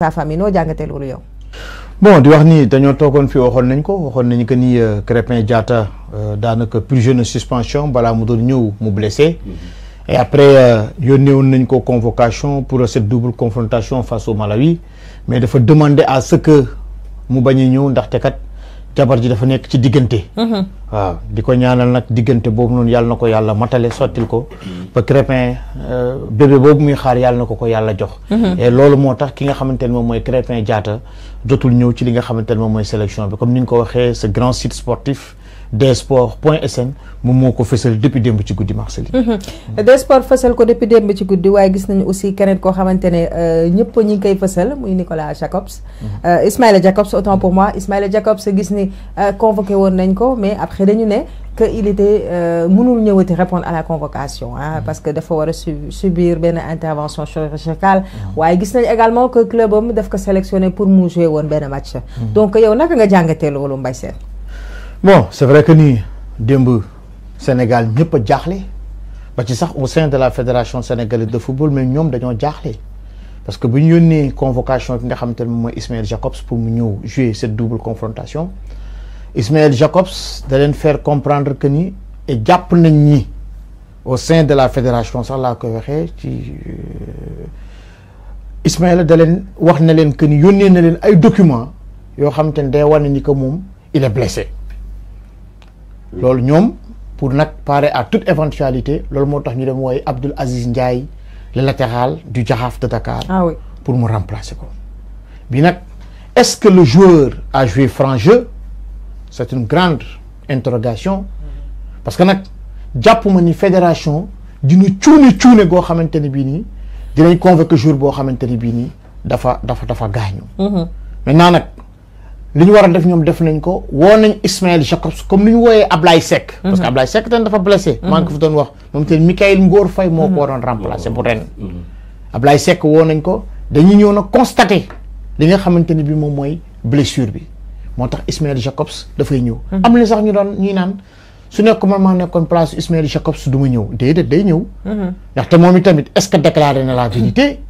sa famille yow. bon di wax ni dañu fi waxon nañ ko waxon ni euh, Crépin euh, plus suspension bala mu mm-hmm. et après euh, ko convocation pour cette double confrontation face au Malawi mais faut demander à ce que mu bañ a jabar ji dafa nek ci digënté hmm waaw diko ñaanal nak digënté bobu noonu yalla nako yalla matalé sotil ko ba Crépin bébé bobu muy xaar yalla nako ko yalla yàlla jox et loolu motax ki nga xamantene mom moy Crépin jaata dotul ñew ci li nga xamantene mom moy sélection bi comme niñ ko waxé ce grand site sportif Desports.sn, moom moo depuis démb ci goudi Marceline. Mhm. dsport fessel ko depuis démb ci goudi way gis nañ aussi keneen ko xamantene euh, ñepp ñi ngi koy fessel muy Nicolas Jacobs. Mhm. Euh, Ismaïla Jacobs autant pour moi Ismaïla Jacobs gis ni euh, convoqué won nañ ko mais après dañu né que il était mënul ñëwëti répondre à la convocation hein, mhm. parce que dafa war a subir benn intervention chirurgicale waaye gis nañ également que club daf ko sélectionné pour mu jouer woon benn match donc yow naka nga jàngatee loolu Mbaye Sène bon c'est vrai que nous, démb Sénégal nous pas jaaxle ba ci sax au sein de la fédération sénégalaise de football mais nous dañoo parce que nous avons une convocation avec nga Ismaël Jacobs pour mu jouer cette double confrontation Ismaël Jacobs d'aller faire comprendre que ni et nous nañ au sein de la fédération sénégalaise de Football. Ismaël d'aller wax que nous avons leen documents il est blessé lol ñom pour nak parer à toute éventualité lol motax ñu dem wooye Abdoul Aziz Ndiaye le latéral du jahaf de Dakar. ah oui pour me remplacer ko. bi est-ce que le joueur a joué franc jeu c'est une grande interrogation parce que nak jappuma ni fédération d'une cuune cuune goo xamante ni bii nii dinañ convoquer joueur xamanteni bi ni dafa dafa dafa dafa hmm maintenant li ñu def ñom def nañ ko woo nañ Ismaël jacob comme ni ñu wooyee Ablaye Seck. Mhm. parce que ablay sek tamit dafa blessé. Mhm. maa ngi ko fi doon wax mom tamit Michael Ngor Faye moo ko waroon mhm. remplacé bu ren. ablay sek woo nañ ko dañuy ñëw na constater li nga xamanteni bi mom moy blessure bi motax ismaël jacob da fay ñëw. am na sax ñu doon ñuy naan su nekk man ma nekkon place Ismaël jacob du ma ñëw déedéet day ñëw. ndax té momi tamit est-ce que déclaré na la vérité.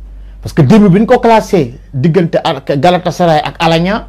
parce que début biñ ko classer digënté Galatasaray ak Alanya.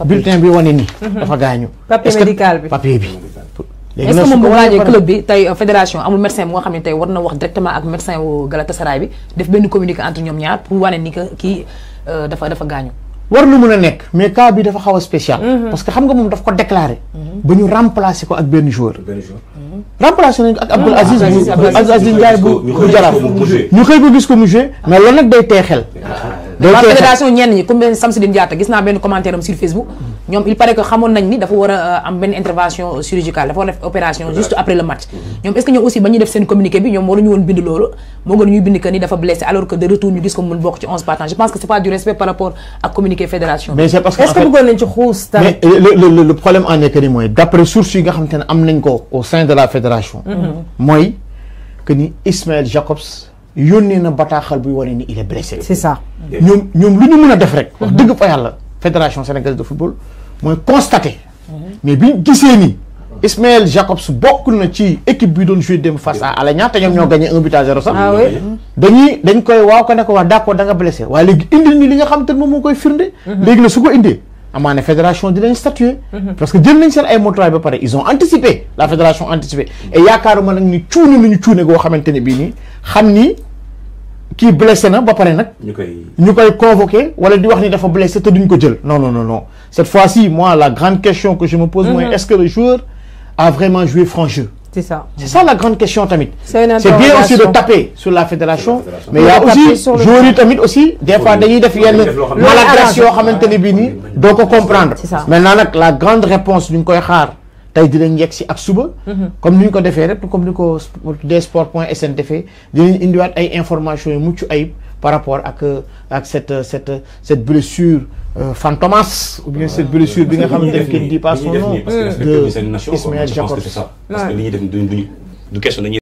bulletin bi wane ni. Mhm. dafa gaañu. papier médical bi papier bi. léegi nag su ko wane club bi tey euh, fédération amul médecin bu nga xam ne tey war na wax directement ak médecin wu Galatasaray bi def benn communiqué entre ñoom ñaar pour wane ni que kii euh, dafa dafa gaañu. war lu mën a nekk mais cas bi dafa xaw a spécial. Mhm. parce que xam nga moom daf ko déclaré. Mhm. ba ñu remplacer ko ak benn joueur. remplacé nañ ak ah, Abdoul Aziz. Abdoul Aziz Ndiaye bu bu Jaraaf. ñu xëy ko gis ko mu joué mais loolu nag day teexel. Ah. la fédération ñenn ñi comme Samsidine Diatta gis n'a ben commentaire sur Facebook ñom il paraît que xamoon nañ ni dafa wara euh, am ben intervention chirurgicale dafa def opération juste après le match mhm. ñom est-ce que ñoom aussi bañu def sen communiqué bi ñoom ñu won bind lolu mo gën ñuy bind que ni dafa blessé alors que de retour ñu gis ko mun bok ci 11 partants je pense que c'est pas du respect par rapport à communiquer fédération mais c'est parce que est-ce que bëggoon nañ ci xous mais le le problème en est que d'après source yi nga xam am nañ ko au sein de la fédération moy mhm. que ni Ismaël Jacobs yónnee na bataaxal buy woné ni il est blessé. c'est ça ñom ñom lu ñu mën def rek. wax dëgg fa yalla fédération sénégalaise de football moy constaté. Mhm. mais bi ñu ni Ismaël Jacobs bokk na ci équipe bi doon jouer dem face à Alagna te ñom ñoo gagné 1 but à 0 sax. Ah mm-hmm. dañuy dañ koy waaw ko ne ko wax d'accord da nga blessé wa légui indi ni li nga xam te ne mo koy firndé mhm. légui na su ko indee amaana fédération est statuer mhm. parce que jël nañ seen ay motuwaay ba ils ont anticipé la fédération anticipé et yaakaaruma nag ni cuune lu ñu cuune goo xamante ne bii qui xam blessé na ba pare nag ñu koy ñu koy convoqué wala di wax ni dafa blessé te duñ ko jël non non non non cette fois-ci moi la grande question que je me pose moi, mhm. est-ce que le joueur a vraiment joué franc jeu c'est ça. C'est ça la grande question, Tamit. C'est bien aussi de taper sur la fédération, mais il y a aussi, jouer Tamit aussi, des fois, il y a des maladresses, donc on comprendre. Maintenant, la grande réponse d'une Koyhar, tey dinañ nous si ak suba. Mm-hmm. comme ni ñu ko comme ni ko dsport point sn defee dinañ ay informations yu par rapport à à cette cette blessure euh, fantomas ou bien cette blessure ne dit pas son nom de que